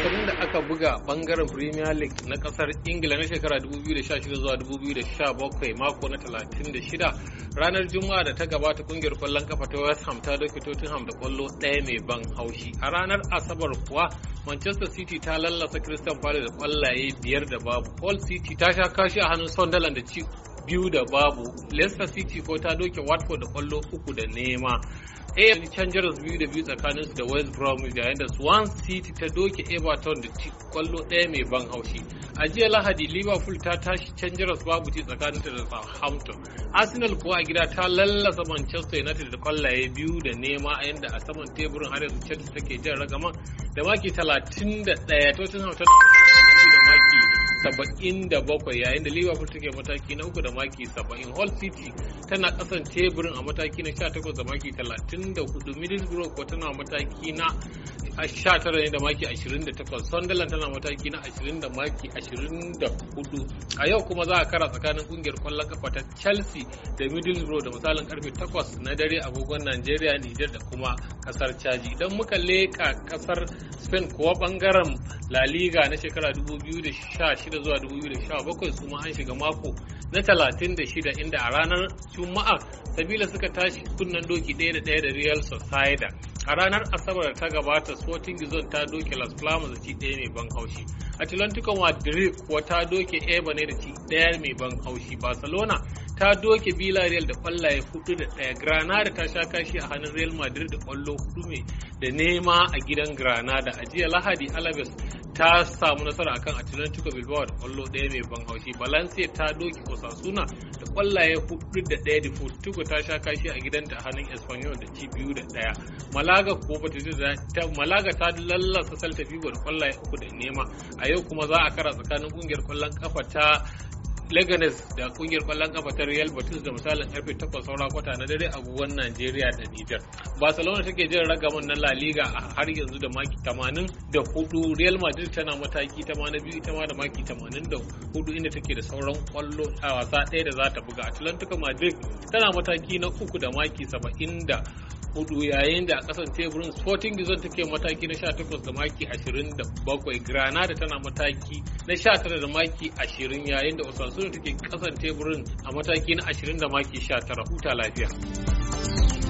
wasannin da aka buga bangaren premier league na kasar ingila na shekara 2016 zuwa 2017 mako na 36 ranar juma'a da ta gabata kungiyar kwallon kafa ta west ham ta doke tottenham da kwallo ɗaya mai ban haushi a ranar asabar kuwa manchester city ta lallasa christian palace da kwallaye biyar da babu paul city ta sha kashi a hannun sunderland da ci biyu da babu leicester city ko ta doke watford da kwallo uku da nema ɗaya eh, changers biyu da biyu tsakanin su da west bromwich yayin da swan city ta doke everton da kwallo ɗaya mai ban haushi a jiya lahadi liverpool ta tashi changers babu ci tsakanin ta da southampton arsenal kuwa a gida ta lallasa manchester united da kwallaye biyu da nema a yanda a saman teburin har yanzu chelsea take jan ragaman da maki talatin da ɗaya tottenham tana da maki saba'in da bakwai yayin da liverpool take mataki na uku da maki saba'in hull city tana kasan teburin a mataki na sha takwas da maki hudu middlesbrough ko tana mataki na tara ne da maki takwas sunderland tana mataki na ashirin da maki hudu a yau kuma za a kara tsakanin kungiyar kwallon kafa ta chelsea da middlesbrough da misalin karfe 8 na dare agogon nigeria niger da kuma kasar caji idan muka leka kasar spain kuwa bangaren La Liga na shekara 2016 zuwa 2017 su ma an shiga mako na 36 inda a ranar Juma'a Sabila suka tashi kunnen doki ɗaya da ɗaya da Real Sociedad. A ranar Asabar ta gabata Sporting Gizon ta doke Las Palmas da ci ɗaya mai ban haushi. Atlantico Madrid kuwa ta doke Eba ne da ci ɗaya mai ban haushi. Barcelona ta doke Villarreal da kwallaye hudu da ɗaya. Granada ta sha kashi a hannun Real Madrid da ƙwallo hudu mai da nema a gidan Granada. A jiya Lahadi Alaves ta samu nasara akan Atlantico Bilbao da kwallo ɗaya mai ban haushi Valencia ta doki Osasuna da kwallaye hudu da ɗaya da Portugal ta sha kashi a gidanta a hannun Espanyol da ci biyu da ɗaya Malaga ko ba ta Malaga ta lallasa Celta Vigo da kwallaye uku da nema a yau kuma za a kara tsakanin kungiyar kwallon kafa ta Leganes da kungiyar kwallon kafa ta Real Betis da misalin karfe 8 saura kwata na dare abubuwan Najeriya da Niger. Barcelona take jin ragaman na La Liga har yanzu da maki da hudu Real Madrid tana mataki 82 ita ma da maki 84 inda take da sauran kwallo a wasa ɗaya da za ta buga. Atlantico Madrid tana mataki na uku da maki 70 hudu yayin da a kasan teburin sporting gizon take mataki na 18 da maki 27 granada tana mataki na 19 da maki 20 yayin da osasuna take kasan teburin a mataki na 20 da maki 19 huta lafiya